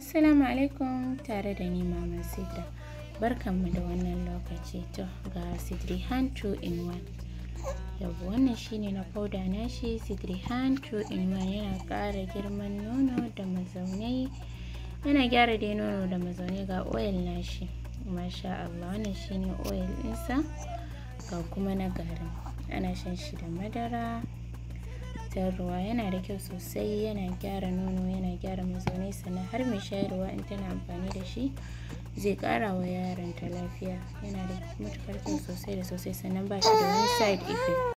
Assalamu alaikum tare da ni Maman Sidra. Barkanmu da wannan lokaci to ga Hand 2 in 1. Yau wannan shine na fauda na shi Hand 2 in 1 yana ƙara girman nono da mazaunai. Yana gyara dai nono da mazaunai ga oil shi. Masha Allah wannan shine oil ɗinsa ga kuma na garin. Ana shan shi da madara. ta ruwa yana da kyau sosai yana gyara nono yana gyara mazaunai. mai sannan har mai shayarwa in tana amfani da shi zai kara wa yaronta lafiya yana da matuƙar kyau sosai da sosai sannan ba shi da wani side effect